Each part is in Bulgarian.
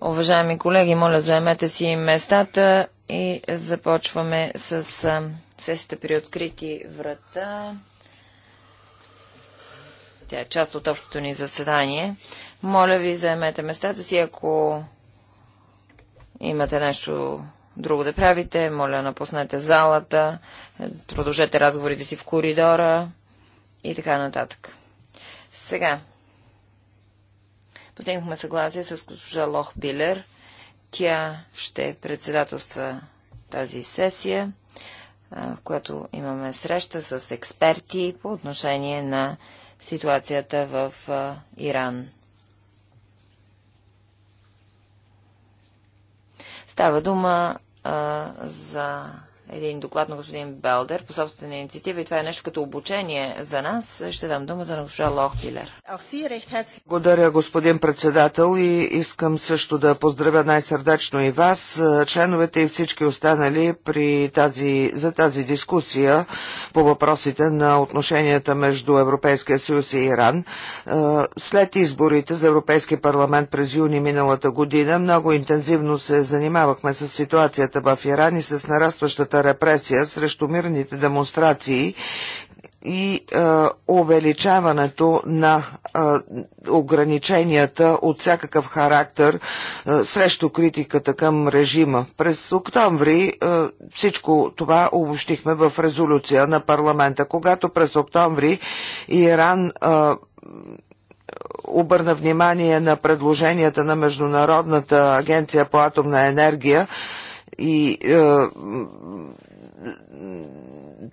Уважаеми колеги, моля заемете си местата и започваме с сесията при открити врата. Тя е част от общото ни заседание. Моля ви, заемете местата си, ако имате нещо друго да правите, моля напуснете залата, продължете разговорите си в коридора и така нататък. Сега, Постигнахме съгласие с госпожа Лох Билер. Тя ще председателства тази сесия, в която имаме среща с експерти по отношение на ситуацията в Иран. Става дума а, за един доклад на господин Белдер по собствена инициатива и това е нещо като обучение за нас. Ще дам думата на госпожа Лохбилер. Благодаря, господин председател, и искам също да поздравя най-сърдечно и вас, членовете и всички останали при тази, за тази дискусия по въпросите на отношенията между Европейския съюз и Иран. След изборите за Европейски парламент през юни миналата година много интензивно се занимавахме с ситуацията в Иран и с нарастващата военната репресия срещу мирните демонстрации и е, увеличаването на е, ограниченията от всякакъв характер е, срещу критиката към режима. През октомври е, всичко това обобщихме в резолюция на парламента. Когато през октомври Иран е, обърна внимание на предложенията на Международната агенция по атомна енергия, и е,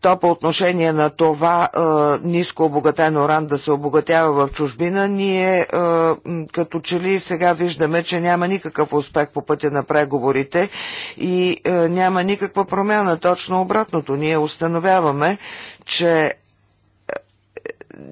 то по отношение на това е, ниско обогатен уран да се обогатява в чужбина, ние е, като че ли сега виждаме, че няма никакъв успех по пътя на преговорите и е, няма никаква промяна. Точно обратното. Ние установяваме, че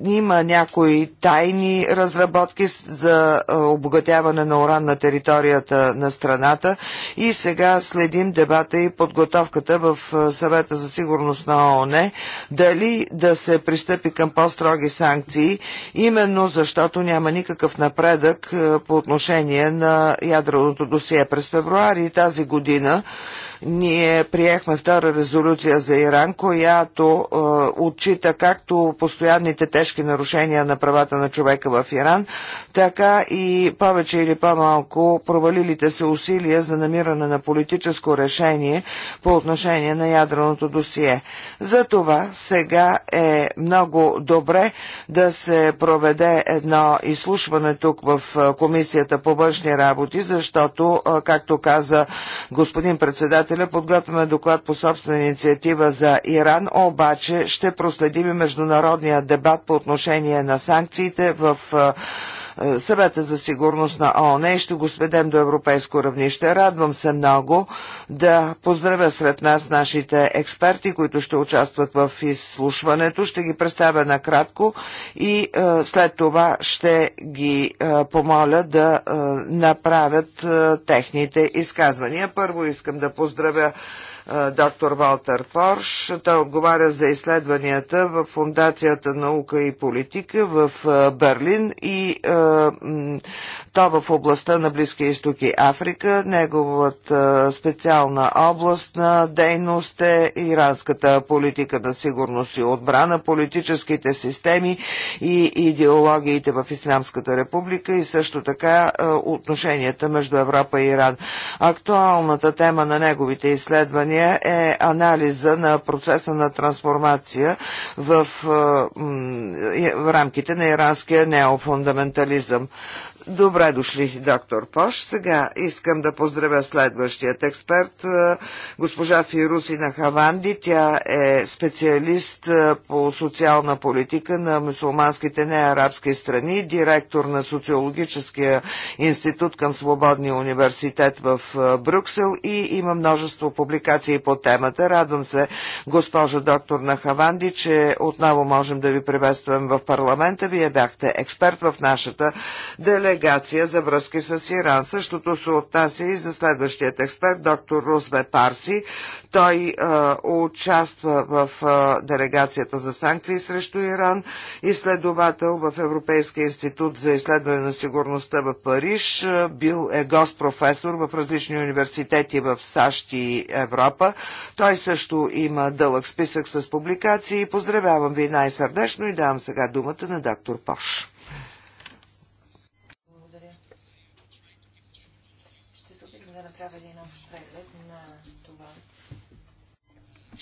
има някои тайни разработки за обогатяване на уран на територията на страната и сега следим дебата и подготовката в съвета за сигурност на ООН дали да се пристъпи към по-строги санкции, именно защото няма никакъв напредък по отношение на ядреното досие. През февруари тази година ние приехме втора резолюция за Иран, която е, отчита както постоянните тежки нарушения на правата на човека в Иран, така и повече или по-малко провалилите се усилия за намиране на политическо решение по отношение на ядреното досие. За това сега е много добре да се проведе едно изслушване тук в е, Комисията по външни работи, защото, е, както каза господин председател, председателя подготвяме доклад по собствена инициатива за Иран, обаче ще проследим международния дебат по отношение на санкциите в съвета за сигурност на ООН и ще го сведем до европейско равнище. Радвам се много да поздравя сред нас нашите експерти, които ще участват в изслушването. Ще ги представя накратко и е, след това ще ги е, помоля да е, направят техните изказвания. Първо искам да поздравя доктор Валтер Порш. Той отговаря за изследванията в Фундацията наука и политика в Берлин и то в областта на Близкия изток и Африка. Неговата специална област на дейност е иранската политика на сигурност и отбрана, политическите системи и идеологиите в Исламската република и също така отношенията между Европа и Иран. Актуалната тема на неговите изследвания изследвания е анализа на процеса на трансформация в, е, е, в рамките на иранския неофундаментализъм. Добре дошли, доктор Пош. Сега искам да поздравя следващият експерт, е, госпожа Фирусина Хаванди. Тя е специалист е, по социална политика на мусулманските неарабски страни, директор на Социологическия институт към Свободния университет в е, Брюксел и има множество публикации по темата. Радвам се, госпожо доктор на Хаванди, че отново можем да ви приветствам в парламента. Вие бяхте експерт в нашата делегация делегация за връзки с Иран. Същото се отнася и за следващият експерт, доктор Рузбе Парси. Той а, е, участва в а, е, делегацията за санкции срещу Иран, изследовател в Европейския институт за изследване на сигурността в Париж, а, е, бил е гост професор в различни университети в САЩ и Европа. Той също има дълъг списък с публикации. Поздравявам ви най-сърдечно и давам сега думата на доктор Пош.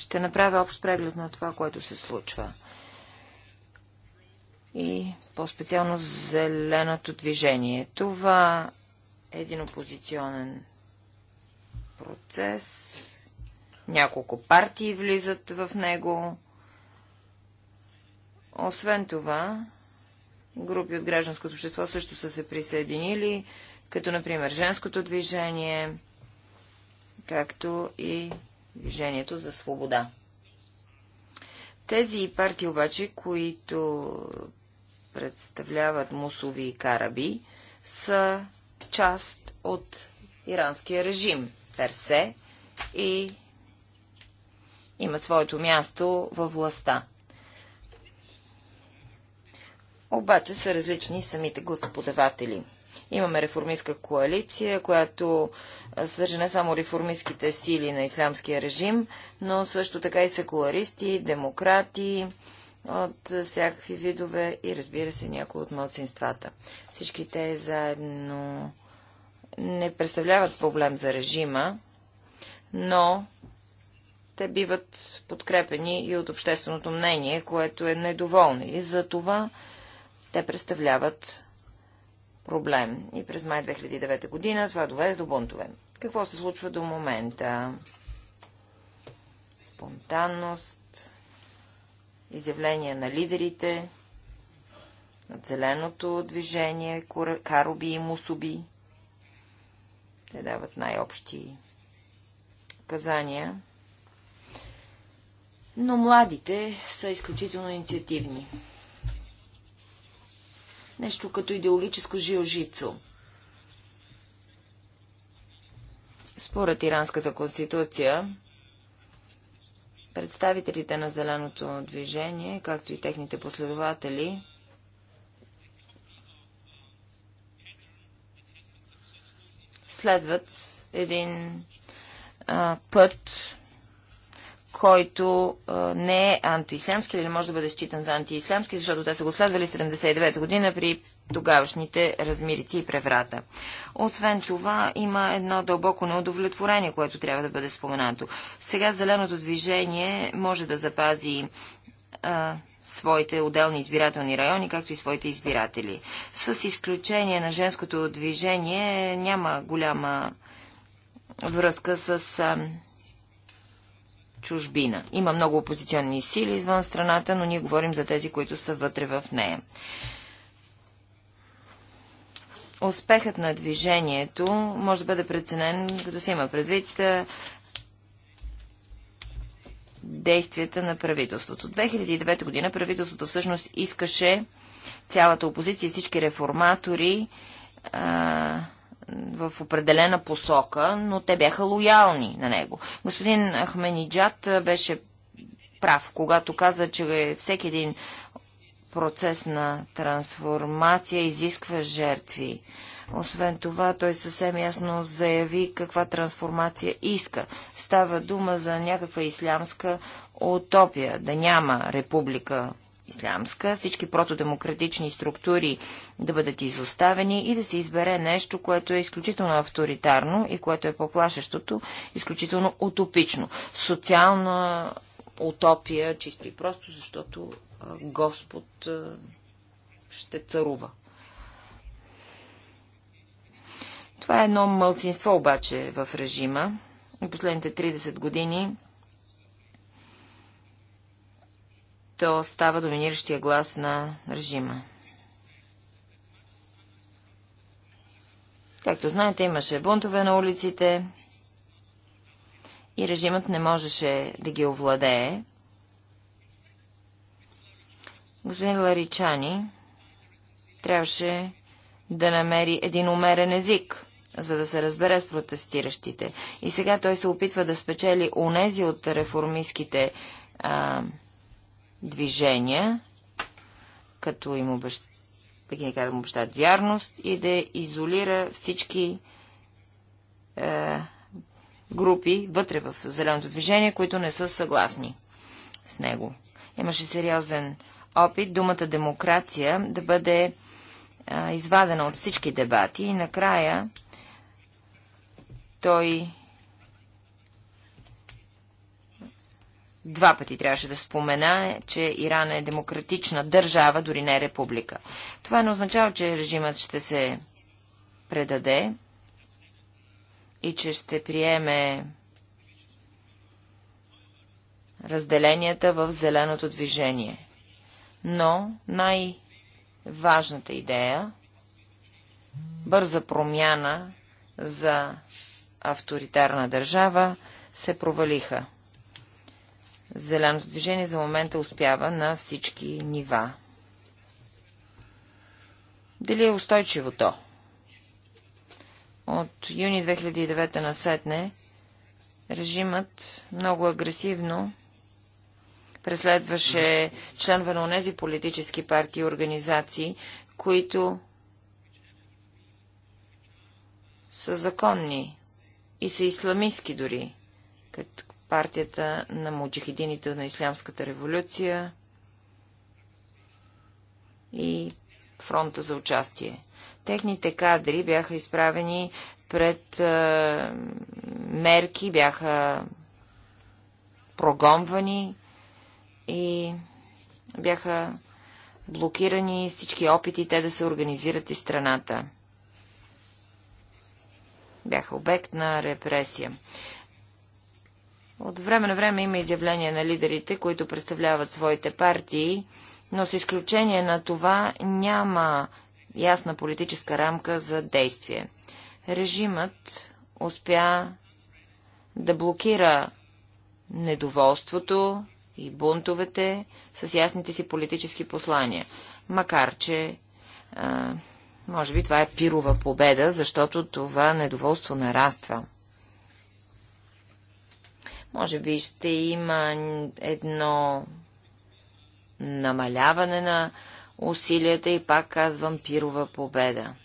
Ще направя общ преглед на това, което се случва. И по-специално зеленото движение. Това е един опозиционен процес. Няколко партии влизат в него. Освен това, групи от гражданското общество също са се присъединили, като например женското движение, както и Движението за свобода. Тези партии обаче, които представляват мусови и караби, са част от иранския режим персе и имат своето място във властта. Обаче са различни самите гласоподаватели – Имаме реформистка коалиция, която съдържа не само реформистските сили на ислямския режим, но също така и секуларисти, демократи от всякакви видове и разбира се някои от младсинствата. Всички те заедно не представляват проблем за режима, но те биват подкрепени и от общественото мнение, което е недоволно. И за това те представляват проблем. И през май 2009 година това доведе до бунтове. Какво се случва до момента? Спонтанност, изявления на лидерите, на зеленото движение, каруби и мусуби. Те дават най-общи казания. Но младите са изключително инициативни нещо като идеологическо жилжицо. Според Иранската конституция, представителите на Зеленото движение, както и техните последователи, следват един а, път, който а, не е антиисламски или може да бъде считан за антиисламски, защото те са го следвали 79 година при тогавашните размирици и преврата. Освен това, има едно дълбоко неудовлетворение, което трябва да бъде споменато. Сега зеленото движение може да запази а, своите отделни избирателни райони, както и своите избиратели. С изключение на женското движение няма голяма връзка с а, чужбина. Има много опозиционни сили извън страната, но ние говорим за тези, които са вътре в нея. Успехът на движението може да бъде преценен, като се има предвид е, действията на правителството. 2009 година правителството всъщност искаше цялата опозиция и всички реформатори а, е, в определена посока, но те бяха лоялни на него. Господин Ахмениджат беше прав, когато каза, че всеки един процес на трансформация изисква жертви. Освен това, той съвсем ясно заяви каква трансформация иска. Става дума за някаква ислямска утопия, да няма република ислямска, всички протодемократични структури да бъдат изоставени и да се избере нещо, което е изключително авторитарно и което е поплашещото, изключително утопично. Социална утопия, чисто и просто, защото Господ ще царува. Това е едно мълцинство обаче в режима. на последните 30 години то става доминиращия глас на режима. Както знаете, имаше бунтове на улиците и режимът не можеше да ги овладее. Господин Ларичани трябваше да намери един умерен език, за да се разбере с протестиращите. И сега той се опитва да спечели онези от реформистските а, движения, като им обещ... да обещат вярност и да изолира всички е, групи вътре в зеленото движение, които не са съгласни с него. Имаше сериозен опит думата демокрация да бъде е, извадена от всички дебати и накрая той Два пъти трябваше да спомена, че Иран е демократична държава, дори не република. Това не означава, че режимът ще се предаде и че ще приеме разделенията в зеленото движение. Но най-важната идея, бърза промяна за авторитарна държава, се провалиха. Зеленото движение за момента успява на всички нива. Дали е устойчиво то? От юни 2009 насетне режимът много агресивно преследваше членове на тези политически партии и организации, които са законни и са исламистски дори, като партията на муджихидините на Ислямската революция и фронта за участие. Техните кадри бяха изправени пред е, мерки, бяха прогонвани и бяха блокирани всички опити те да се организират и страната. Бяха обект на репресия. От време на време има изявления на лидерите, които представляват своите партии, но с изключение на това няма ясна политическа рамка за действие. Режимът успя да блокира недоволството и бунтовете с ясните си политически послания. Макар, че а, може би това е пирова победа, защото това недоволство нараства. Може би ще има едно намаляване на усилията и пак казвам пирова победа.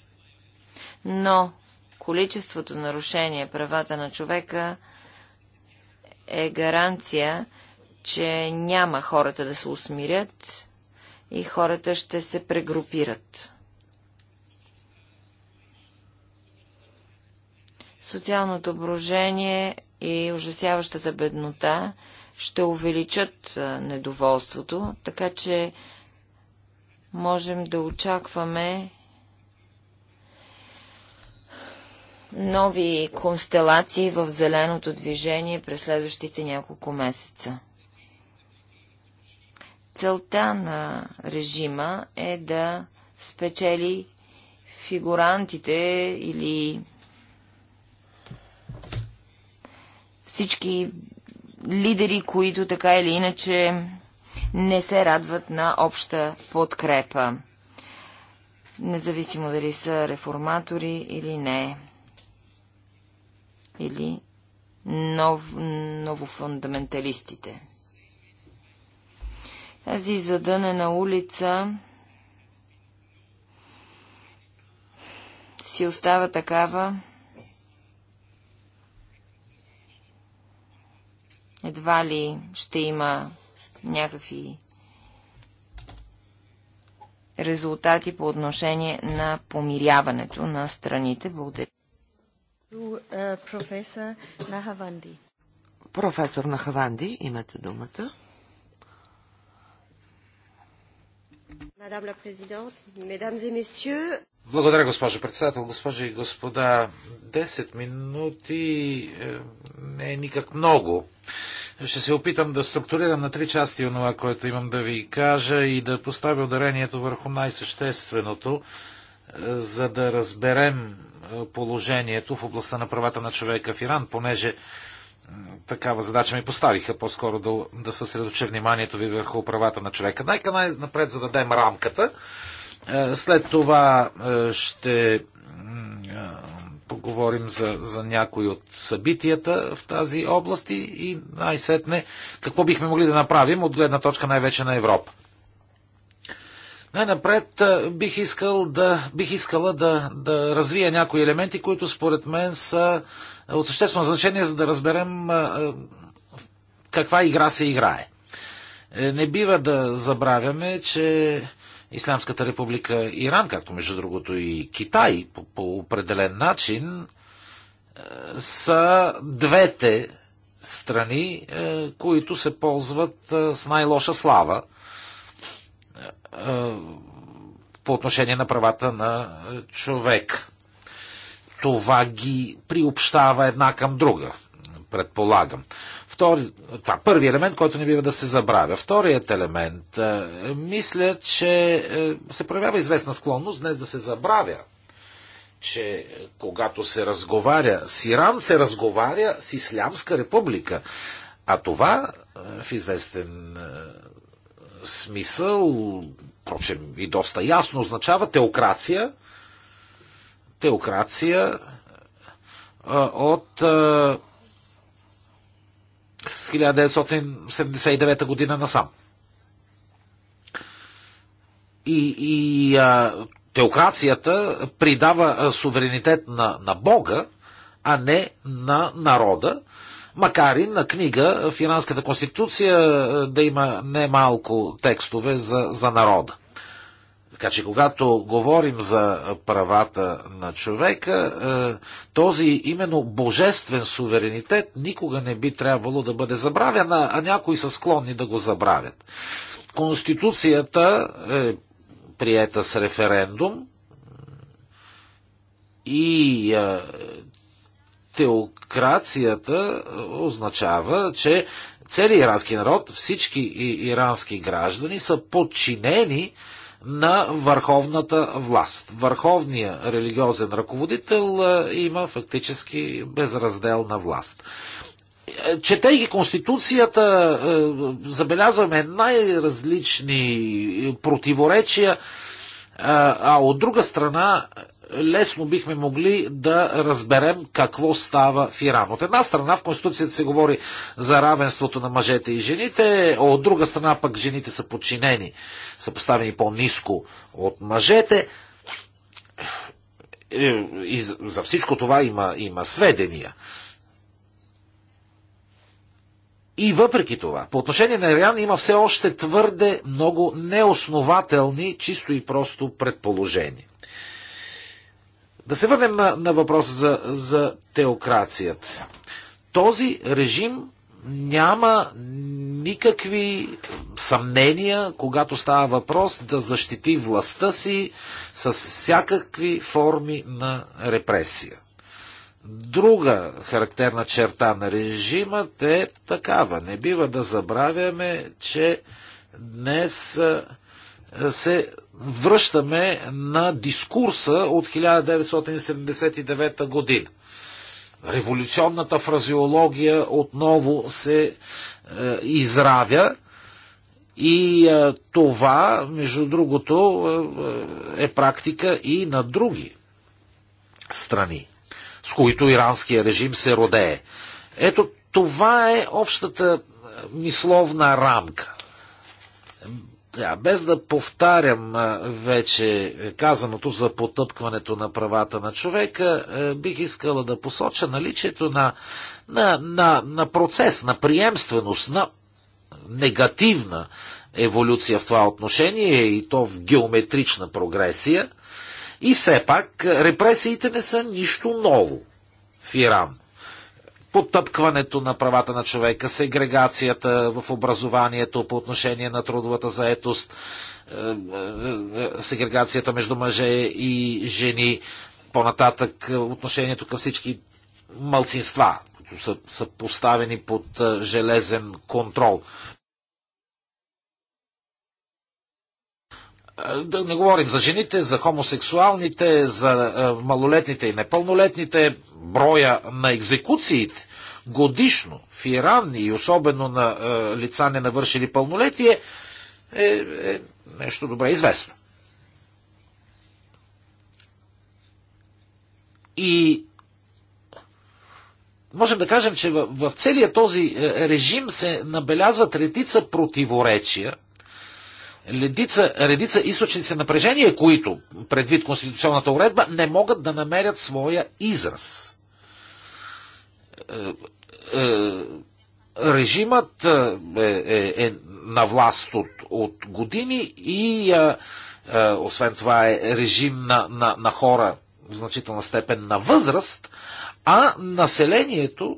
Но количеството нарушение правата на човека е гаранция, че няма хората да се усмирят и хората ще се прегрупират. Социалното брожение и ужасяващата беднота ще увеличат недоволството, така че можем да очакваме нови констелации в зеленото движение през следващите няколко месеца. Целта на режима е да спечели фигурантите или всички лидери, които така или иначе не се радват на обща подкрепа, независимо дали са реформатори или не, или нов, новофундаменталистите. Тази задънена улица си остава такава, Едва ли ще има някакви резултати по отношение на помиряването на страните. Благодаря. Е, професор Нахаванди. Професор Нахаванди, имате думата. Мадам ла президент, Mesdames et Messieurs, благодаря, госпожо председател. Госпожи и господа, 10 минути е, не е никак много. Ще се опитам да структурирам на три части онова, което имам да ви кажа и да поставя ударението върху най-същественото, е, за да разберем е, положението в областта на правата на човека в Иран, понеже такава задача ми поставиха по-скоро да, да съсредоча вниманието ви върху правата на човека. Нека най-напред зададем рамката е, след това е, ще е, поговорим за, за някои от събитията в тази област и най-сетне какво бихме могли да направим от гледна точка най-вече на Европа. Най-напред бих, искал да, бих искала да, да развия някои елементи, които според мен са от съществено значение, за да разберем каква игра се играе. Не бива да забравяме, че Исламската република Иран, както между другото и Китай, по, по определен начин, е, са двете страни, е, които се ползват е, с най-лоша слава по отношение на правата на човек. Това ги приобщава една към друга, предполагам. Втори, това първи елемент, който не бива да се забравя. Вторият елемент. Е, мисля, че е, се проявява известна склонност днес да се забравя, че е, когато се разговаря с Иран, се разговаря с Ислямска република. А това в известен смисъл, впрочем и доста ясно, означава теокрация, теокрация от с 1979 година насам. И, и а, теокрацията придава суверенитет на, на Бога, а не на народа, макар и на книга в Иранската конституция да има немалко текстове за, за народа. Така че когато говорим за правата на човека, е, този именно божествен суверенитет никога не би трябвало да бъде забравен, а някои са склонни да го забравят. Конституцията е приета с референдум и е, теокрацията означава, че целият ирански народ, всички ирански граждани са подчинени на върховната власт. Върховният религиозен ръководител е, има фактически безразделна власт. Е, Четейки Конституцията, е, забелязваме най-различни противоречия, а от друга страна лесно бихме могли да разберем какво става в Иран. От една страна в Конституцията се говори за равенството на мъжете и жените, от друга страна пък жените са подчинени, са поставени по-низко от мъжете. Е, и за всичко това има, има сведения. И въпреки това, по отношение на Ириан има все още твърде много неоснователни, чисто и просто предположения. Да се върнем на, на въпроса за, за теокрацията. Този режим няма никакви съмнения, когато става въпрос да защити властта си с всякакви форми на репресия. Друга характерна черта на режимът е такава. Не бива да забравяме, че днес се връщаме на дискурса от 1979 година. Революционната фразеология отново се е, изравя и е, това, между другото, е, е практика и на други страни, с които иранския режим се родее. Ето това е общата е, мисловна рамка да, без да повтарям вече казаното за потъпкването на правата на човека, бих искала да посоча наличието на, на, на, на процес, на приемственост, на негативна еволюция в това отношение и то в геометрична прогресия. И все пак репресиите не са нищо ново в Иран потъпкването на правата на човека, сегрегацията в образованието по отношение на трудовата заетост, е, е, е, сегрегацията между мъже и жени, по-нататък отношението към всички мълцинства, които са, са поставени под железен контрол. Е, да не говорим за жените, за хомосексуалните, за е, малолетните и непълнолетните, броя на екзекуциите годишно в Иран и особено на е, лица не навършили пълнолетие е, е нещо добре известно. И можем да кажем, че в, в целия този режим се набелязват редица противоречия, Ледица, редица източници напрежение, които, предвид конституционната уредба, не могат да намерят своя израз. Е, е, режимът е, е, е, е на власт от, от години и е, е, освен това е режим на, на, на хора в значителна степен на възраст, а населението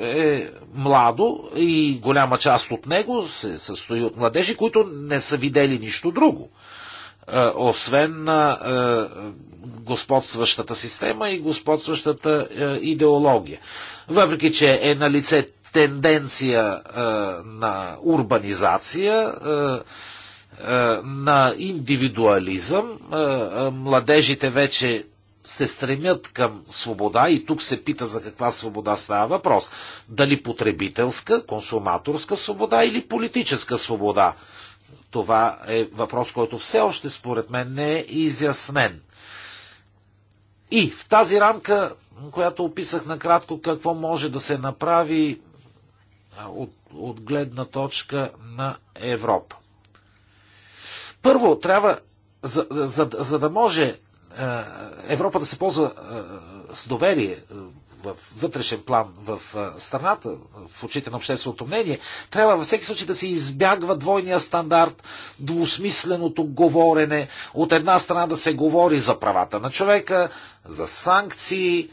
е, е младо и голяма част от него се състои от младежи, които не са видели нищо друго, е, освен на е, господстващата система и господстващата идеология. Въпреки, че е на лице тенденция на урбанизация, на индивидуализъм, младежите вече се стремят към свобода и тук се пита за каква свобода става въпрос. Дали потребителска, консуматорска свобода или политическа свобода? Това е въпрос, който все още според мен не е изяснен. И в тази рамка, която описах накратко, какво може да се направи от, от гледна точка на Европа. Първо, трябва, за, за, за да може е, Европа да се ползва е, с доверие е, в вътрешен план в страната, в очите на общественото мнение, трябва във всеки случай да се избягва двойния стандарт, двусмисленото говорене. От една страна да се говори за правата на човека, за санкции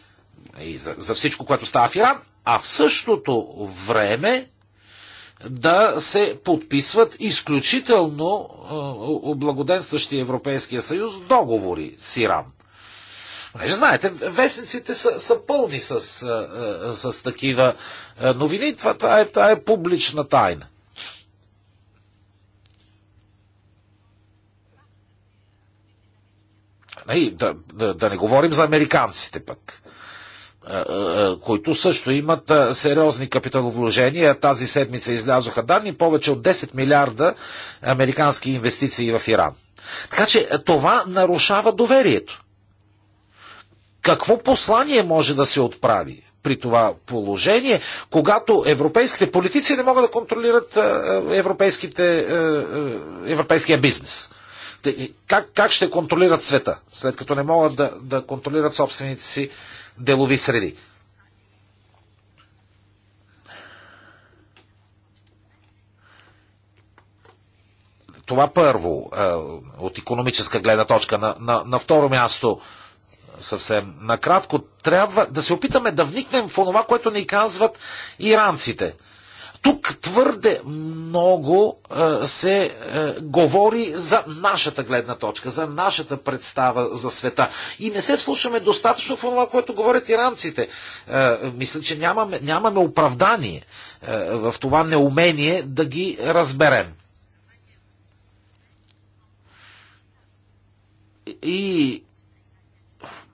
и за, за всичко, което става в Иран, а в същото време да се подписват изключително облагоденстващи Европейския съюз договори с Иран. Понеже знаете, вестниците са, са пълни с, с, с такива новини. Това, това, е, това е публична тайна. да, да, да не говорим за американците пък. Е, е, които също имат е, сериозни капиталовложения. Тази седмица излязоха данни повече от 10 милиарда американски инвестиции в Иран. Така че това нарушава доверието. Какво послание може да се отправи при това положение, когато европейските политици не могат да контролират европейските, европейския бизнес? Как, как ще контролират света, след като не могат да, да контролират собствените си делови среди. Това първо, е, от економическа гледна точка. На, на, на второ място, съвсем накратко, трябва да се опитаме да вникнем в това, което ни казват иранците. Тук твърде много е, се е, говори за нашата гледна точка, за нашата представа за света. И не се слушаме достатъчно в това, което говорят иранците. Е, мисля, че нямаме, нямаме оправдание в това неумение да ги разберем. И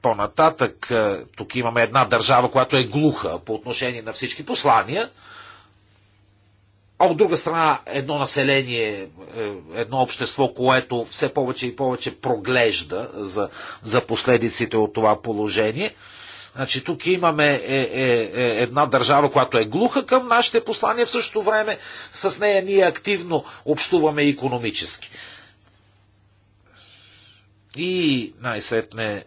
по-нататък, тук имаме една държава, която е глуха по отношение на всички послания, а от друга страна едно население, е, едно общество, което все повече и повече проглежда за, за последиците от това положение. Значи тук имаме е, е, е, една държава, която е глуха към нашите послания, в същото време с нея ние активно общуваме економически. И най-сетне, е,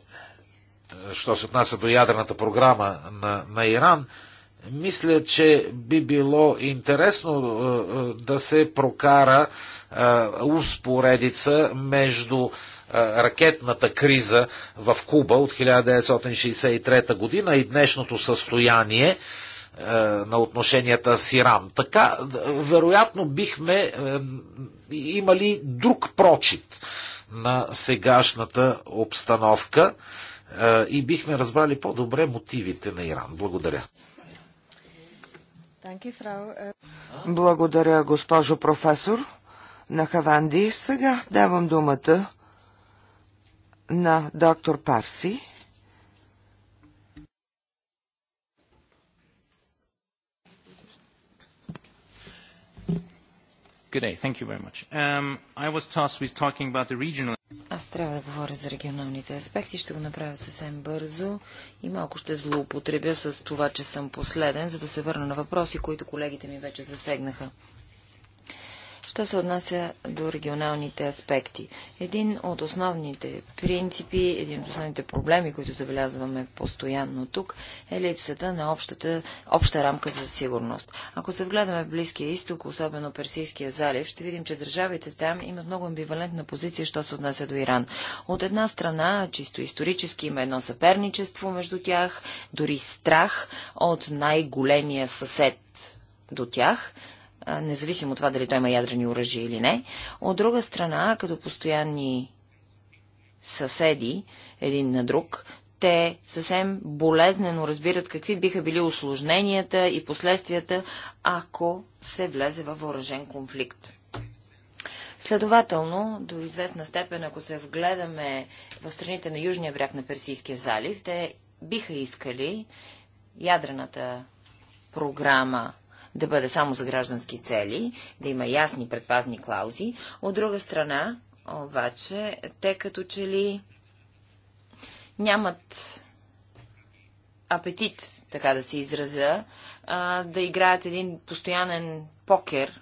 що се отнася до ядрената програма на, на Иран, е, мисля, че би било интересно е, е, да се прокара е, успоредица между ракетната криза в Куба от 1963 година и днешното състояние на отношенията с Иран. Така, вероятно, бихме имали друг прочит на сегашната обстановка и бихме разбрали по-добре мотивите на Иран. Благодаря. Uh, Благодаря, госпожо професор. На Хаванди сега давам думата на доктор Парси. Good day. Thank you very much. Um, I was tasked with talking about the regional... Аз трябва да говоря за регионалните аспекти, ще го направя съвсем бързо и малко ще злоупотребя с това, че съм последен, за да се върна на въпроси, които колегите ми вече засегнаха. Що се отнася до регионалните аспекти? Един от основните принципи, един от основните проблеми, които забелязваме постоянно тук, е липсата на общата, обща рамка за сигурност. Ако се вгледаме в Близкия изток, особено Персийския залив, ще видим, че държавите там имат много амбивалентна позиция, що се отнася до Иран. От една страна, чисто исторически има едно съперничество между тях, дори страх от най-големия съсед до тях, независимо от това дали той има ядрени оръжия или не. От друга страна, като постоянни съседи един на друг, те съвсем болезнено разбират какви биха били осложненията и последствията, ако се влезе във въоръжен конфликт. Следователно, до известна степен, ако се вгледаме в страните на южния бряг на Персийския залив, те биха искали ядрената програма да бъде само за граждански цели, да има ясни предпазни клаузи. От друга страна, обаче, те като че ли нямат апетит, така да се изразя, да играят един постоянен покер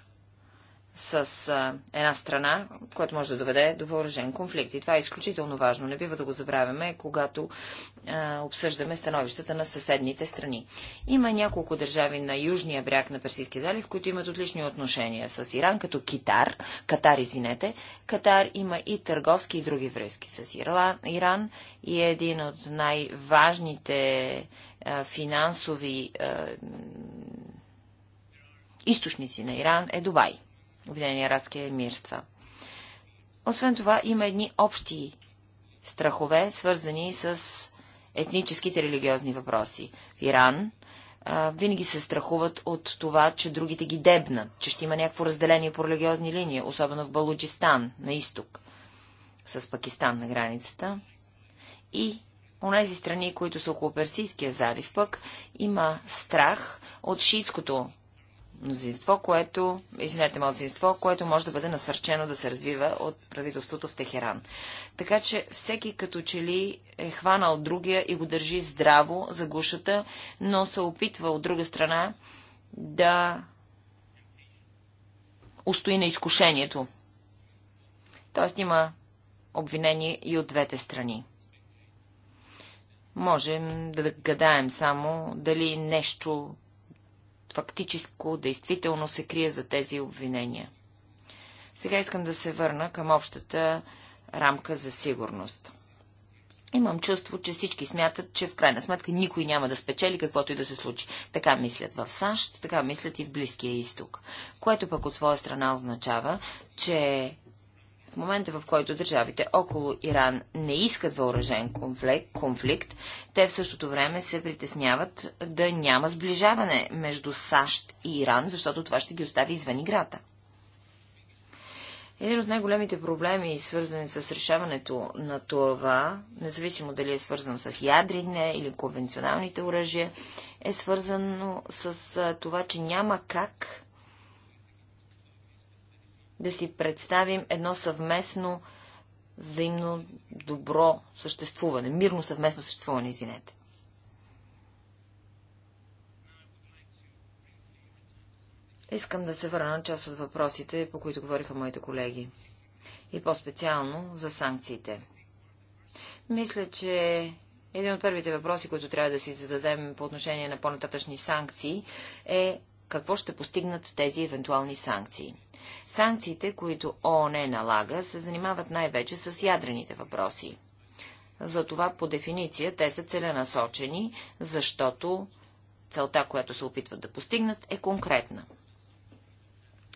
с а, една страна, което може да доведе до въоръжен конфликт. И това е изключително важно. Не бива да го забравяме, когато а, обсъждаме становищата на съседните страни. Има няколко държави на южния бряг на Персийския залив, които имат отлични отношения с Иран, като Китар, Катар, извинете. Катар има и търговски и други връзки с Иран, Иран и е един от най-важните финансови а, източници на Иран е Дубай. Обединени арабски емирства. Освен това, има едни общи страхове, свързани с етническите религиозни въпроси. В Иран а, винаги се страхуват от това, че другите ги дебнат, че ще има някакво разделение по религиозни линии, особено в Балуджистан, на изток, с Пакистан на границата. И нези страни, които са около Персийския залив, пък има страх от шиитското мнозинство, което, извинете, мълцинство, което може да бъде насърчено да се развива от правителството в Техеран. Така че всеки като че ли е хванал другия и го държи здраво за гушата, но се опитва от друга страна да устои на изкушението. Тоест има обвинение и от двете страни. Можем да гадаем само дали нещо фактическо действително се крие за тези обвинения. Сега искам да се върна към общата рамка за сигурност. Имам чувство, че всички смятат, че в крайна сметка никой няма да спечели каквото и да се случи. Така мислят в САЩ, така мислят и в Близкия изток. Което пък от своя страна означава, че в момента, в който държавите около Иран не искат въоръжен конфликт, конфликт, те в същото време се притесняват да няма сближаване между САЩ и Иран, защото това ще ги остави извън играта. Един от най-големите проблеми, свързани с решаването на това, независимо дали е свързан с ядрене или конвенционалните оръжия, е свързано с това, че няма как да си представим едно съвместно, взаимно добро съществуване, мирно съвместно съществуване, извинете. Искам да се върна на част от въпросите, по които говориха моите колеги. И по-специално за санкциите. Мисля, че един от първите въпроси, които трябва да си зададем по отношение на по-нататъчни санкции, е какво ще постигнат тези евентуални санкции. Санкциите, които ООН налага, се занимават най-вече с ядрените въпроси. Затова по дефиниция те са целенасочени, защото целта, която се опитват да постигнат, е конкретна.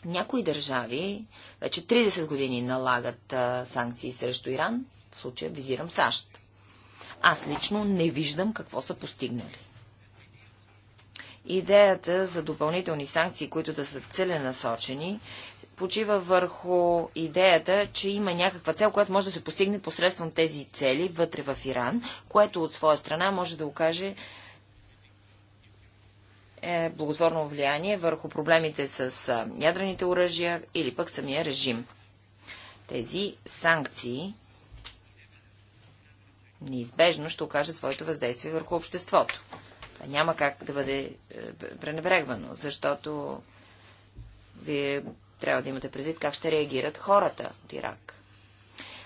Някои държави вече 30 години налагат а, санкции срещу Иран, в случая визирам САЩ. Аз лично не виждам какво са постигнали. Идеята за допълнителни санкции, които да са целенасочени, почива върху идеята, че има някаква цел, която може да се постигне посредством тези цели вътре в Иран, което от своя страна може да окаже е, благотворно влияние върху проблемите с ядрените оръжия или пък самия режим. Тези санкции неизбежно ще окажат своето въздействие върху обществото няма как да бъде е, пренебрегвано, защото вие трябва да имате предвид как ще реагират хората от Ирак.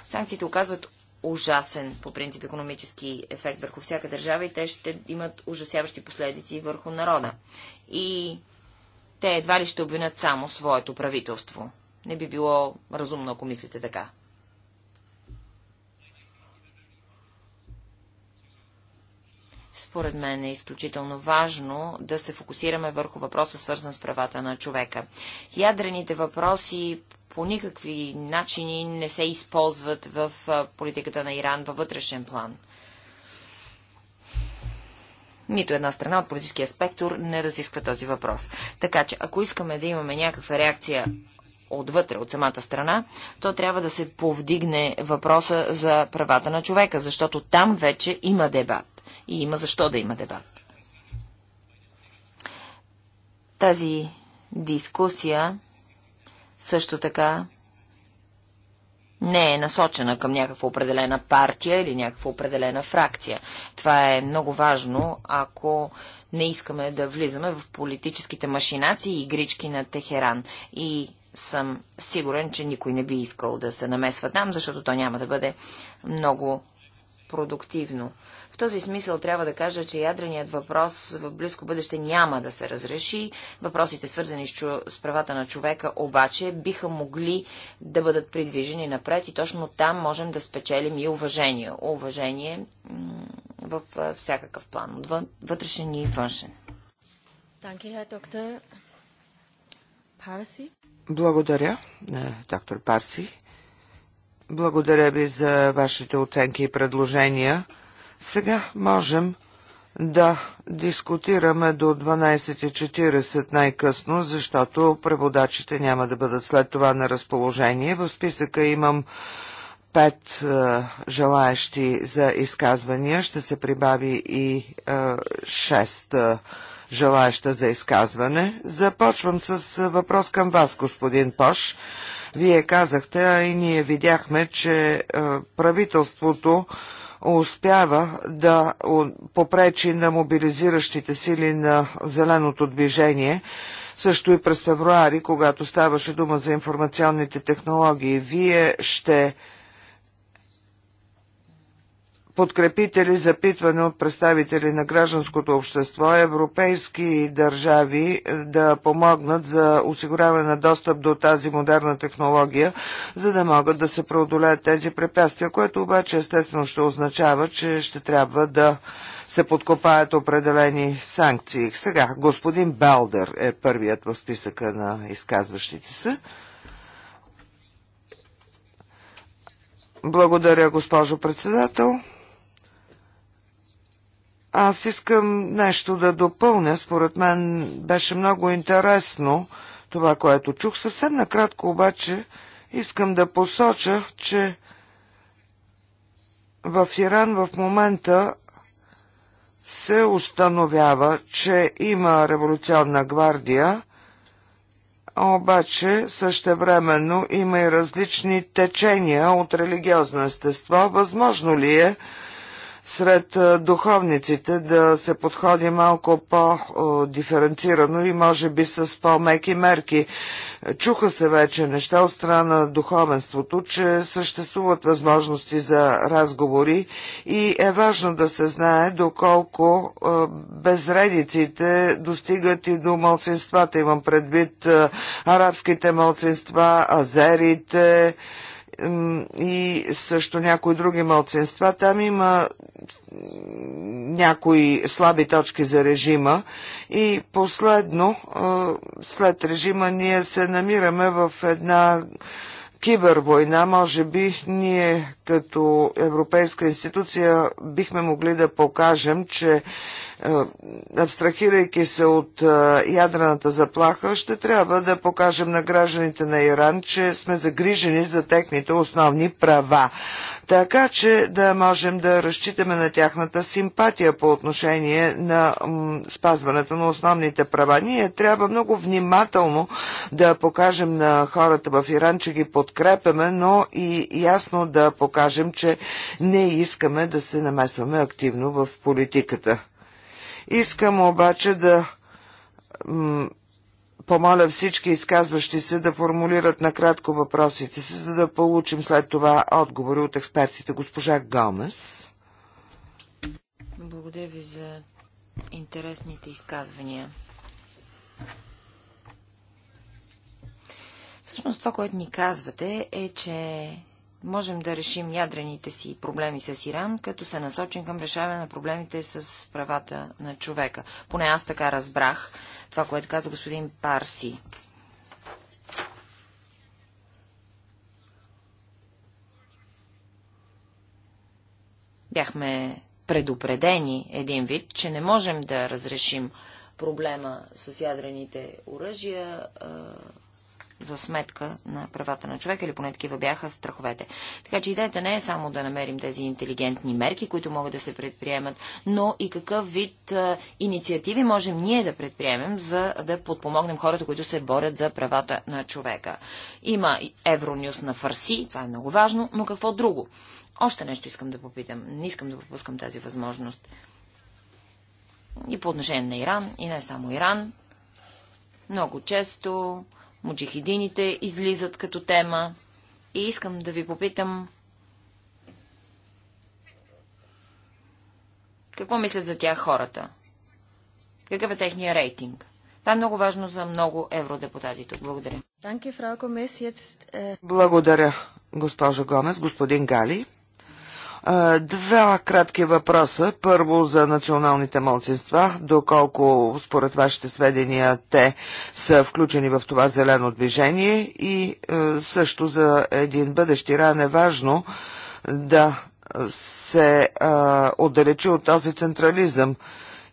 Санкциите оказват ужасен, по принцип, економически ефект върху всяка държава и те ще имат ужасяващи последици върху народа. И те едва ли ще обвинят само своето правителство. Не би било разумно, ако мислите така. според мен е изключително важно да се фокусираме върху въпроса, свързан с правата на човека. Ядрените въпроси по никакви начини не се използват в политиката на Иран във вътрешен план. Нито една страна от политическия спектър не разисква този въпрос. Така че, ако искаме да имаме някаква реакция отвътре, от самата страна, то трябва да се повдигне въпроса за правата на човека, защото там вече има дебат. И има защо да има дебат. Тази дискусия също така не е насочена към някаква определена партия или някаква определена фракция. Това е много важно, ако не искаме да влизаме в политическите машинации и игрички на Техеран. И съм сигурен, че никой не би искал да се намесва там, защото то няма да бъде много продуктивно. В този смисъл трябва да кажа, че ядреният въпрос в близко бъдеще няма да се разреши. Въпросите, свързани с, чу... с правата на човека, обаче биха могли да бъдат придвижени напред и точно там можем да спечелим и уважение. Уважение в всякакъв план, от вътрешен и външен. Благодаря, е, доктор Парси. Благодаря ви за вашите оценки и предложения. Сега можем да дискутираме до 12.40 най-късно, защото преводачите няма да бъдат след това на разположение. В списъка имам пет е, желаящи за изказвания. Ще се прибави и е, шест е, желаяща за изказване. Започвам с е, въпрос към вас, господин Пош. Вие казахте, а и ние видяхме, че е, правителството успява да попречи на мобилизиращите сили на зеленото движение, също и през февруари, когато ставаше дума за информационните технологии. Вие ще подкрепители запитване от представители на гражданското общество европейски държави е, да помогнат за осигуряване на достъп до тази модерна технология, за да могат да се преодолеят тези препятствия, което обаче естествено ще означава, че ще трябва да се подкопаят определени санкции. Сега, господин Балдер е първият в списъка на изказващите се. Благодаря, госпожо председател. Аз искам нещо да допълня. Според мен беше много интересно това, което чух. Съвсем накратко обаче искам да посоча, че в Иран в момента се установява, че има революционна гвардия, обаче същевременно има и различни течения от религиозно естество. Възможно ли е сред духовниците да се подходи малко по-диференцирано и може би с по-меки мерки. Чуха се вече неща от страна на духовенството, че съществуват възможности за разговори и е важно да се знае доколко безредиците достигат и до малцинствата. Имам предвид арабските малцинства, азерите, и също някои други мълцинства. Там има някои слаби точки за режима и последно, след режима ние се намираме в една кибервойна. Може би ние като европейска институция бихме могли да покажем, че е, абстрахирайки се от е, ядрената заплаха, ще трябва да покажем на гражданите на Иран, че сме загрижени за техните основни права. Така че да можем да разчитаме на тяхната симпатия по отношение на спазването на основните права. Ние трябва много внимателно да покажем на хората в Иран, че ги подкрепяме, но и ясно да покажем покажем, че не искаме да се намесваме активно в политиката. Искам обаче да помоля всички изказващи се да формулират накратко въпросите си, за да получим след това отговори от експертите. Госпожа Гомес. Благодаря ви за интересните изказвания. Всъщност това, което ни казвате е, че можем да решим ядрените си проблеми с Иран, като се насочим към решаване на проблемите с правата на човека. Поне аз така разбрах това, което каза господин Парси. Бяхме предупредени един вид, че не можем да разрешим проблема с ядрените оръжия за сметка на правата на човека, или поне такива бяха страховете. Така че идеята не е само да намерим тези интелигентни мерки, които могат да се предприемат, но и какъв вид а, инициативи можем ние да предприемем, за да подпомогнем хората, които се борят за правата на човека. Има Евронюс на фарси, това е много важно, но какво друго? Още нещо искам да попитам. Не искам да пропускам тази възможност. И по отношение на Иран, и не само Иран. Много често муджихидините излизат като тема. И искам да ви попитам какво мислят за тях хората. Какъв е техния рейтинг? Това е много важно за много евродепутати тук. Благодаря. Е, Благодаря, госпожо Гомес. Господин Гали. Два кратки въпроса. Първо за националните младсинства. Доколко според вашите сведения те са включени в това зелено движение и също за един бъдещ Иран е важно да се отдалечи от този централизъм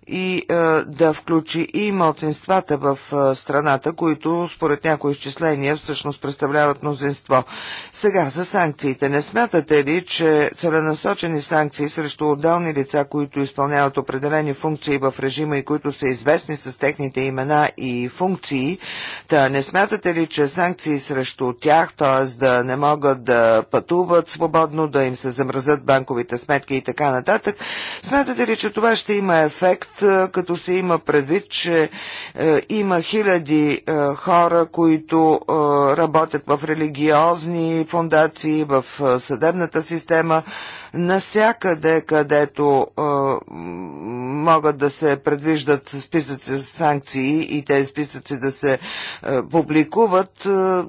и а, е, да включи и мълцинствата в а, е, страната, които според някои изчисления всъщност представляват мнозинство. Сега за санкциите. Не смятате ли, че целенасочени санкции срещу отделни лица, които изпълняват определени функции в режима и които са известни с техните имена и функции, да не смятате ли, че санкции срещу тях, т.е. да не могат да пътуват свободно, да им се замразят банковите сметки и така нататък, смятате ли, че това ще има ефект като се има предвид, че е, има хиляди е, хора, които е, работят в религиозни фундации, в е, съдебната система, Насякъде, където е, могат да се предвиждат списъци с санкции и тези списъци да се е, публикуват, е,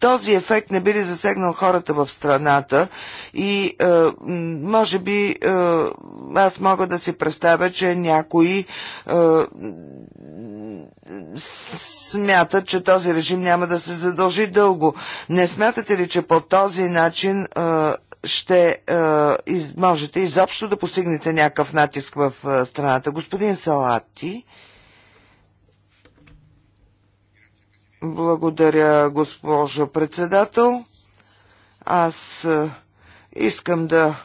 този ефект не би ли засегнал хората в страната и е, може би е, аз мога да си представя, че някои е, смятат, че този режим няма да се задължи дълго. Не смятате ли, че по този начин ще а, е, из, можете изобщо да постигнете някакъв натиск в а, е, страната. Господин Салати, благодаря, госпожо председател. Аз а, е, искам да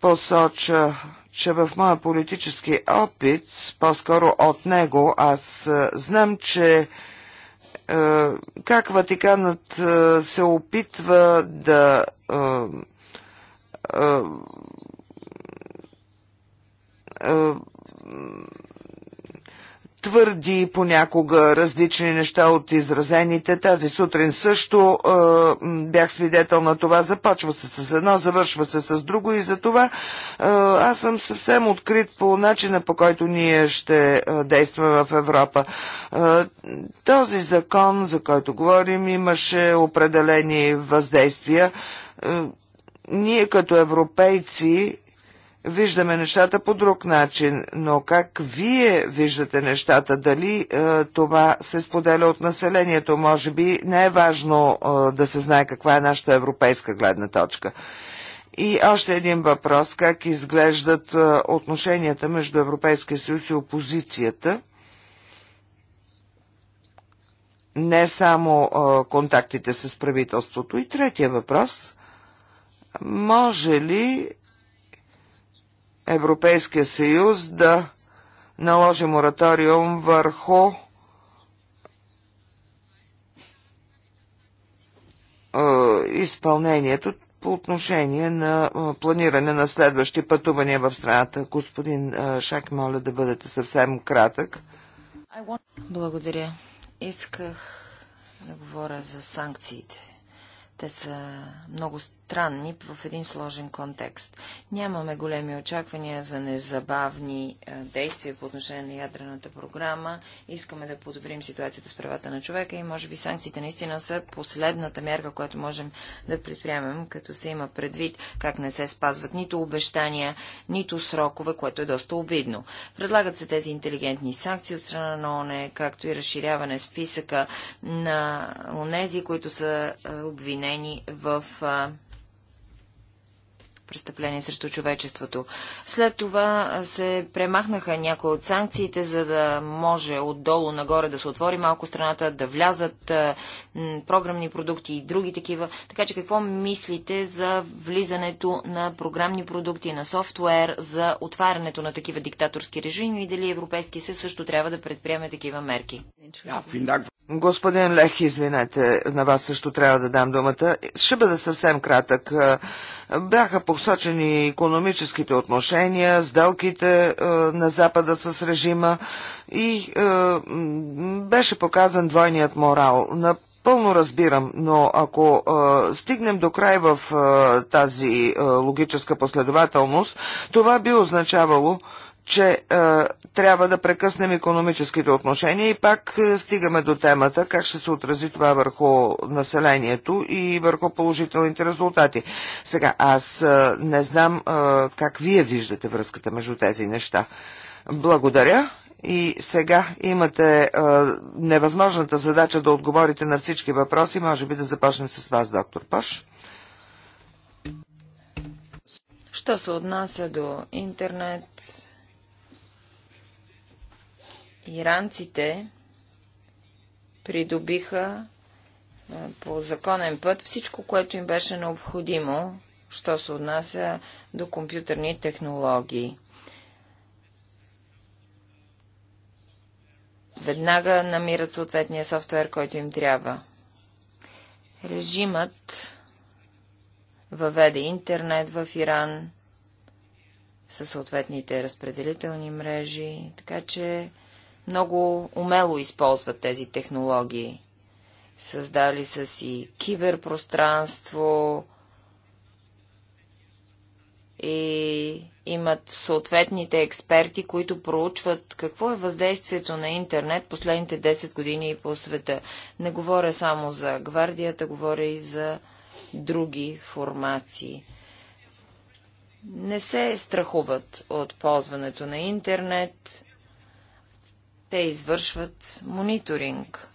посоча, че в моя политически опит, по-скоро от него, аз а, знам, че как Ватиканът се опитва да е, е, твърди понякога различни неща от изразените. Тази сутрин също е, бях свидетел на това. Започва се с едно, завършва се с друго и за това е, аз съм съвсем открит по начина по който ние ще е, действаме в Европа. Е, този закон, за който говорим, имаше определени въздействия. Е, ние като европейци виждаме нещата по друг начин, но как вие виждате нещата, дали е, това се споделя от населението, може би не е важно е, да се знае каква е нашата европейска гледна точка. И още един въпрос, как изглеждат е, отношенията между Европейския съюз и опозицията? Не само е, контактите с правителството. И третия въпрос – може ли Европейския съюз да наложи мораториум върху изпълнението по отношение на планиране на следващи пътувания в страната. Господин Шак, моля да бъдете съвсем кратък. Благодаря. Исках да говоря за санкциите. Те са много странни в един сложен контекст. Нямаме големи очаквания за незабавни действия по отношение на ядрената програма. Искаме да подобрим ситуацията с правата на човека и може би санкциите наистина са последната мярка, която можем да предприемем, като се има предвид как не се спазват нито обещания, нито срокове, което е доста обидно. Предлагат се тези интелигентни санкции от страна на ОНЕ, както и разширяване списъка на онези, които са обвинени в престъпление срещу човечеството. След това се премахнаха някои от санкциите, за да може отдолу нагоре да се отвори малко страната, да влязат програмни продукти и други такива. Така че какво мислите за влизането на програмни продукти, на софтуер, за отварянето на такива диктаторски режими и дали Европейски съюз също трябва да предприеме такива мерки? Господин Лех, извинете, на вас също трябва да дам думата. Ще бъда съвсем кратък. Е, бяха посочени економическите отношения, сделките е, на Запада с режима и е, беше показан двойният морал. Напълно Пълно разбирам, но ако стигнем до край в тази логическа последователност, това би означавало, че е, трябва да прекъснем економическите отношения и пак е, стигаме до темата как ще се отрази това върху населението и върху положителните резултати. Сега, аз е, не знам е, как вие виждате връзката между тези неща. Благодаря. И сега имате е, невъзможната задача да отговорите на всички въпроси. Може би да започнем с вас, доктор Паш. Що се отнася до интернет, иранците придобиха по законен път всичко, което им беше необходимо, що се отнася до компютърни технологии. Веднага намират съответния софтуер, който им трябва. Режимът въведе интернет в Иран със съответните разпределителни мрежи, така че много умело използват тези технологии. Създали са си киберпространство и имат съответните експерти, които проучват какво е въздействието на интернет последните 10 години и по света. Не говоря само за гвардията, говоря и за други формации. Не се страхуват от ползването на интернет, те извършват мониторинг.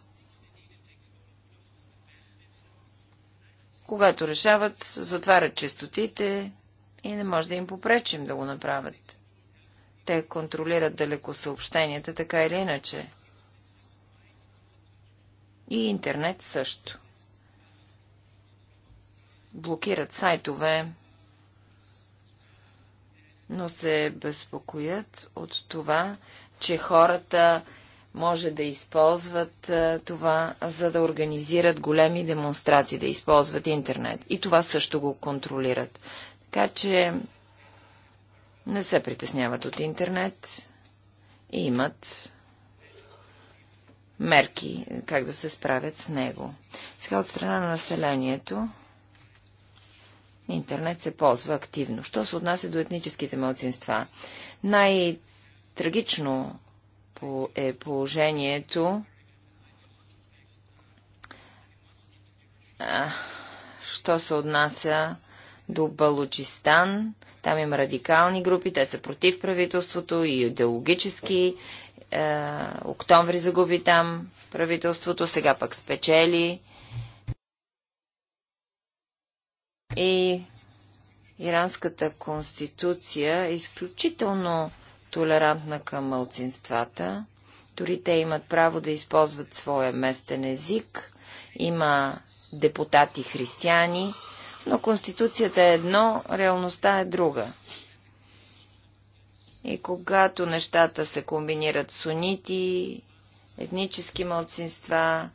Когато решават, затварят честотите и не може да им попречим да го направят. Те контролират далеко съобщенията, така или иначе. И интернет също. Блокират сайтове, но се безпокоят от това, че хората може да използват е, това, за да организират големи демонстрации, да използват интернет. И това също го контролират. Така че не се притесняват от интернет и имат мерки как да се справят с него. Сега от страна на населението интернет се ползва активно. Що се отнася до етническите младсинства? Най- Трагично е положението. Що се отнася до Балучистан, там има радикални групи, те са против правителството и идеологически. Е, октомври загуби там правителството, сега пък спечели. И иранската конституция е изключително толерантна към мълцинствата. Дори те имат право да използват своя местен език. Има депутати християни, но Конституцията е едно, реалността е друга. И когато нещата се комбинират с унити, етнически мълцинства,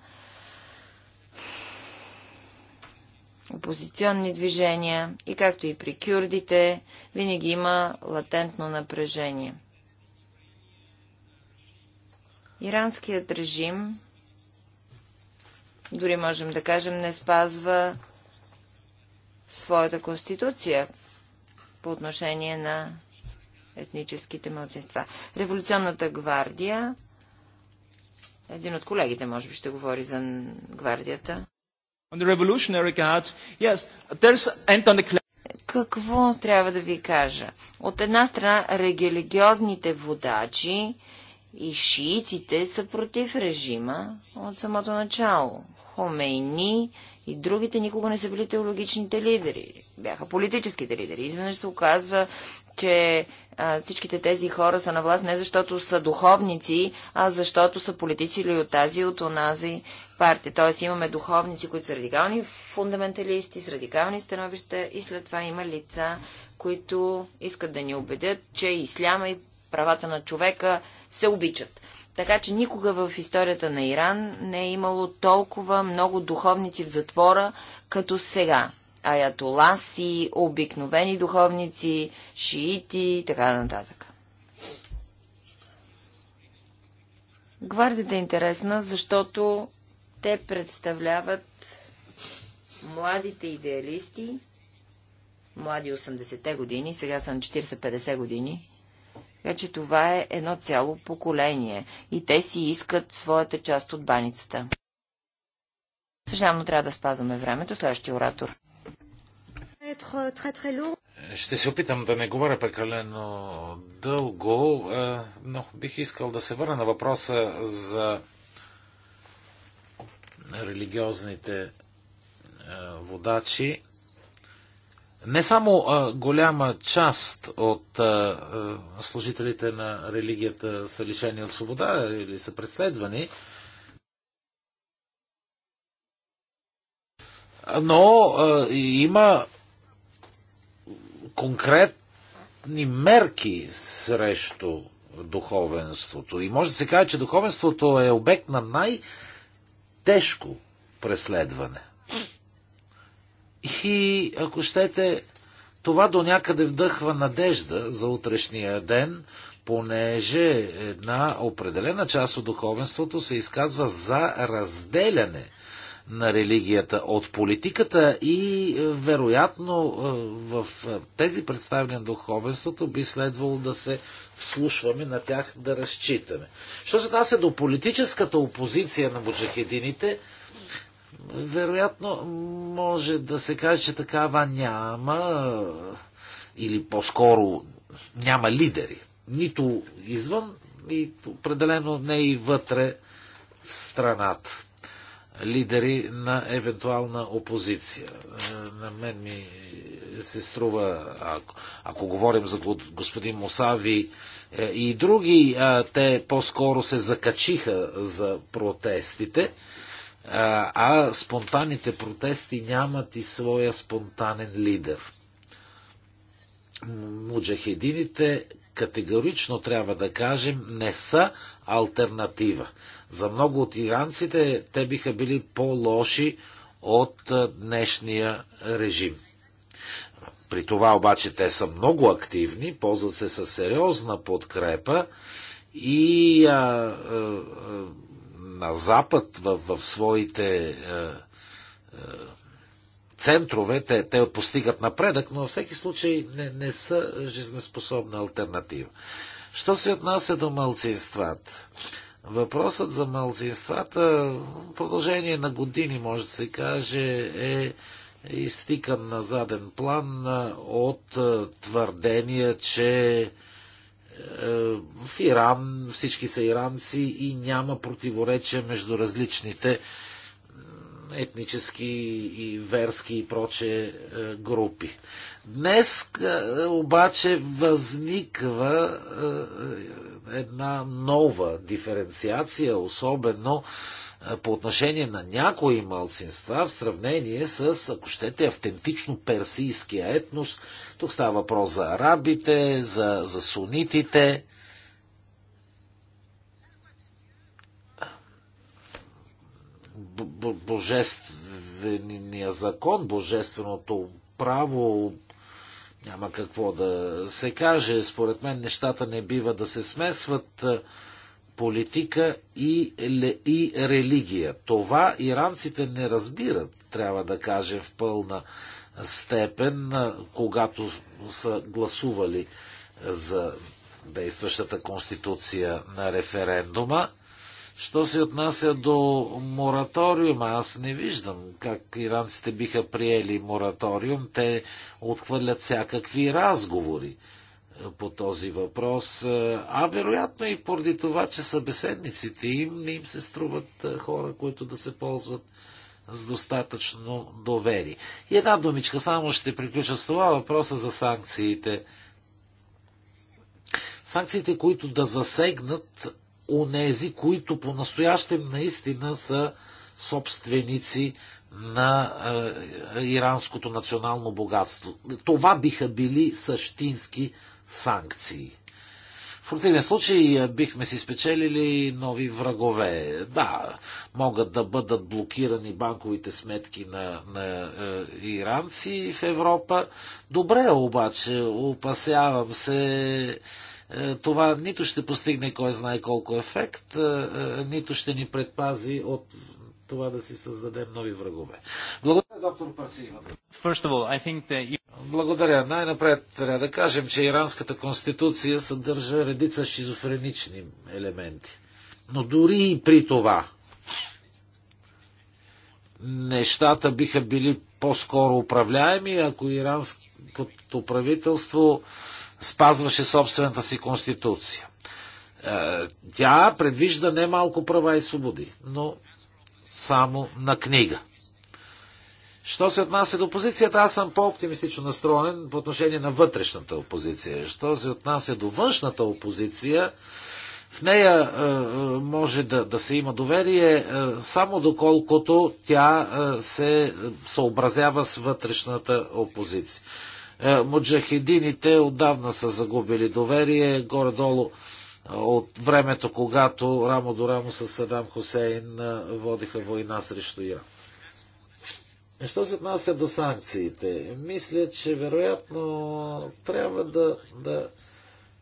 опозиционни движения и както и при кюрдите, винаги има латентно напрежение. Иранският режим, дори можем да кажем, не спазва своята конституция по отношение на етническите мълчинства. Революционната гвардия, един от колегите може би ще говори за гвардията какво трябва да ви кажа? От една страна, религиозните водачи и шиитите са против режима от самото начало. Хомейни и другите никога не са били теологичните лидери. Бяха политическите лидери. Изведнъж се оказва, че а, всичките тези хора са на власт не защото са духовници, а защото са политици или от тази, от онази партия. Тоест имаме духовници, които са радикални фундаменталисти, с радикални становища и след това има лица, които искат да ни убедят, че исляма и правата на човека се обичат. Така че никога в историята на Иран не е имало толкова много духовници в затвора, като сега. Аятоласи, обикновени духовници, шиити и така нататък. Гвардията е интересна, защото те представляват младите идеалисти, млади 80-те години, сега са на 40-50 години, така че това е едно цяло поколение и те си искат своята част от баницата. Съжалявам, но трябва да спазваме времето. Следващия оратор. Ще се опитам да не говоря прекалено дълго, е, но бих искал да се върна на въпроса за религиозните е, водачи. Не само а, голяма част от а, служителите на религията са лишени от свобода или са преследвани, но а, има конкретни мерки срещу духовенството. И може да се каже, че духовенството е обект на най-тежко преследване. И, ако щете, това до някъде вдъхва надежда за утрешния ден, понеже една определена част от духовенството се изказва за разделяне на религията от политиката и е, вероятно е, в е, тези представени на духовенството би следвало да се вслушваме на тях да разчитаме. Що се отнася до политическата опозиция на буджахедините, вероятно, може да се каже, че такава няма или по-скоро няма лидери. Нито извън и определено не и вътре в страната. Лидери на евентуална опозиция. Е, на мен ми се струва, ако, ако говорим за господин Мусави е, и други, те по-скоро се закачиха за протестите а спонтанните протести нямат и своя спонтанен лидер. Муджахедините категорично трябва да кажем, не са альтернатива. За много от иранците те биха били по-лоши от днешния режим. При това обаче те са много активни, ползват се със сериозна подкрепа и а, а, на Запад в, в своите е, е, центрове, те, те постигат напредък, но във всеки случай не, не са жизнеспособна альтернатива. Що се отнася до малцинствата? Въпросът за малцинствата в продължение на години, може да се каже, е изтикан на заден план е, от е, твърдения, че е, в Иран всички са иранци и няма противоречия между различните е, етнически и верски и проче е, групи. Днес обаче възниква една нова диференциация, особено по отношение на някои малцинства в сравнение с, ако щете, автентично персийския етнос. Тук става въпрос за арабите, за, за сунитите. Божествения закон, божественото право, няма какво да се каже. Според мен нещата не бива да се смесват политика и, и религия. Това иранците не разбират, трябва да кажем в пълна степен, когато са гласували за действащата конституция на референдума. Що се отнася до мораториума, аз не виждам как иранците биха приели мораториум. Те отхвърлят всякакви разговори по този въпрос, а вероятно и поради това, че събеседниците им не им се струват хора, които да се ползват с достатъчно доверие. И една думичка, само ще приключа с това въпроса за санкциите. Санкциите, които да засегнат унези, които по-настоящем наистина са собственици на е, е, иранското национално богатство. Това биха били същински санкции. В противен случай е, бихме си спечелили нови врагове. Да, могат да бъдат блокирани банковите сметки на, на е, иранци в Европа. Добре, обаче, опасявам се, е, това нито ще постигне кой знае колко ефект, е, нито ще ни предпази от това да си създадем нови врагове. Благодаря, доктор Парсиева. That... Благодаря. Най-напред трябва да кажем, че иранската конституция съдържа редица шизофренични елементи. Но дори и при това нещата биха били по-скоро управляеми, ако иранското правителство спазваше собствената си конституция. Е, тя предвижда немалко права и свободи, но само на книга. Що се отнася до опозицията, аз съм по-оптимистично настроен по отношение на вътрешната опозиция. Що се отнася до външната опозиция, в нея е, е може да, да се има доверие е, само доколкото тя е, се съобразява с вътрешната опозиция. Е, Моджахедините отдавна са загубили доверие, горе-долу от времето, когато рамо до рамо с Садам Хусейн водиха война срещу Иран. Е, що се отнася до санкциите? Мисля, че вероятно трябва да, да,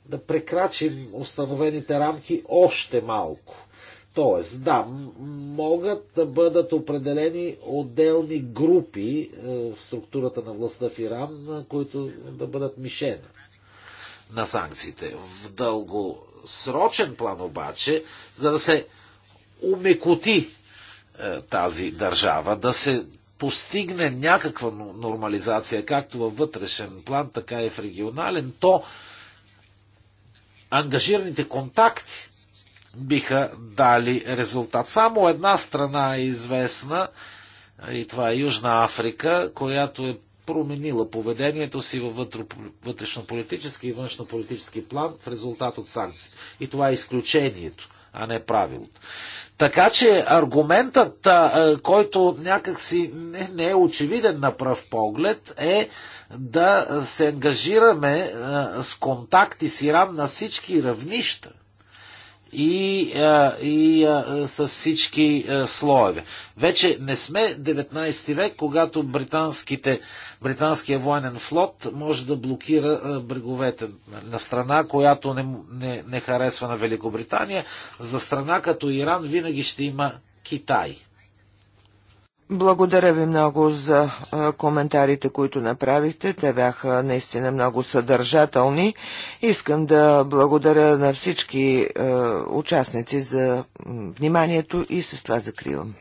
да прекрачим установените рамки още малко. Тоест, да, могат да бъдат определени отделни групи е, в структурата на властта в Иран, е, които да бъдат мишена на санкциите. В дългосрочен план обаче, за да се умекоти е, тази държава, да се постигне някаква нормализация, както във вътрешен план, така и в регионален, то ангажираните контакти биха дали резултат. Само една страна е известна, и това е Южна Африка, която е променила поведението си във вътрешнополитически и външнополитически план в резултат от санкции. И това е изключението, а не правилото. Така че аргументът, който някакси не, не е очевиден на пръв поглед, е да се ангажираме с контакти с Иран на всички равнища и, а, и а, с всички а, слоеве. Вече не сме 19 век, когато британските, британския военен флот може да блокира а, бреговете на страна, която не, не, не харесва на Великобритания. За страна като Иран винаги ще има Китай. Благодаря ви много за коментарите, които направихте. Те бяха наистина много съдържателни. Искам да благодаря на всички участници за вниманието и с това закривам.